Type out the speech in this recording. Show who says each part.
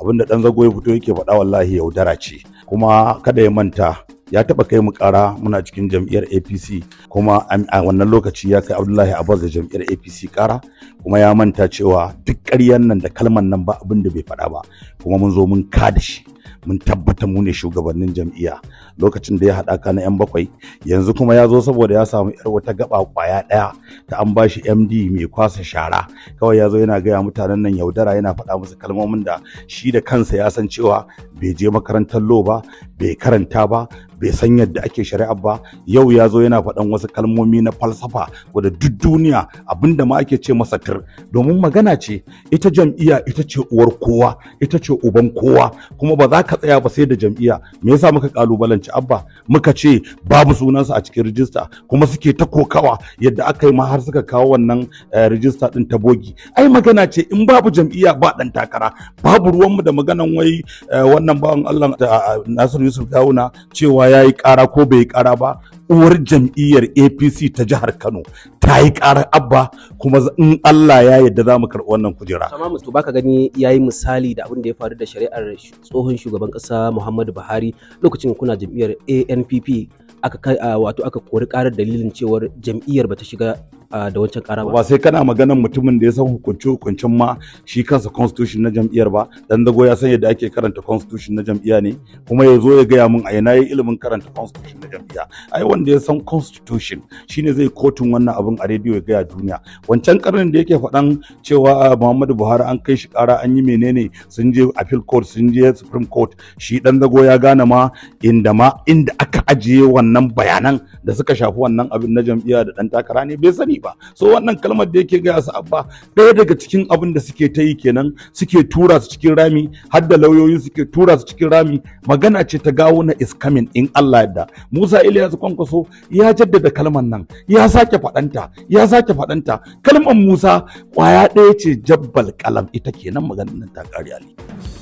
Speaker 1: abinda dan zago ya fito yake faɗa wallahi yaudara ce kuma kada ya manta ya taɓa kai mu ƙara muna cikin jam'iyyar apc kuma a wannan lokaci ya kai abdullahi abbas da jam'iyyar apc ƙara kuma ya manta cewa duk ƙaryar nan da kalmar nan ba abin da bai faɗa ba kuma mun zo mun ka da shi mun tabbata mu ne shugabannin jam'iyya lokacin da ya haɗa ka na 'yan bakwai yanzu kuma ya zo saboda ya samu 'yar wata gaba kwaya ɗaya ta an ba shi md mai kwasa shara kawai ya zo yana gaya mutanen nan yaudara yana faɗa musu kalmomin da shi da kansa ya san cewa bai je makarantar lo ba bai karanta ba bai san yadda ake shari'a ba yau ya zo yana faɗan wasu kalmomi na falsafa wadda duk duniya abinda ma ake ce masa tir domin magana ce ita jam'iyya ita ce uwar kowa ita ce uban kowa kuma ba za ka tsaya ba sai da jam'iyya me yasa muka kalubalanci abba muka ce babu sunansu a cikin rijista kuma suke ta kokawa yadda aka yi ma har suka kawo wannan eh, rijista din ta bogi ai magana ce in babu jam'iyya ba dan takara babu ruwanmu da maganan wai eh, wannan bawan Allah eh, Nasiru Yusuf Dauna cewa ya yi kara ko bai yi kara ba uwar jam'iyyar apc ta jihar kano ta yi karar abba kuma in allah ya yarda za mu karɓi wannan kujera
Speaker 2: amma to baka gani ya yi misali da abin da ya faru da shari'ar tsohon shugaban ƙasa muhammadu buhari lokacin kuna jam'iyyar anpp
Speaker 1: aka wato aka kori karar dalilin cewar jam'iyyar bata shiga da wancan kara ba sai kana maganar mutumin da ya san hukunci hukuncin ma shi kansa constitution na jam'iyyar ba dan dago ya san yadda ake karanta constitution na jam'iyya ne kuma ya zo ya gaya min a yana yi ilimin karanta constitution na jam'iyya ai wanda ya san constitution shine zai kotun wannan abin a rediyo ya gaya duniya wancan karnin da yake faɗan cewa ah, Muhammadu Buhari an kai shi kara an yi menene sun je appeal court sun je supreme court shi dan dago ya gane ma inda ma inda aka ajiye wannan bayanan da suka shafi wannan abin na jam'iyya da dan takara ne bai sani ba so wannan kalmar da yake gaya su abba daya daga cikin abin da suke ta yi kenan suke tura su cikin rami har da lauyoyi suke tura su cikin rami magana ce ta gawo na is coming in Allah yadda Musa Ilyas Kwankwaso ya jaddada kalmar nan ya sake faɗanta ya sake faɗanta kalmar Musa kwaya ɗaya ce jabbal kalam ita kenan maganar ta ƙari Ali.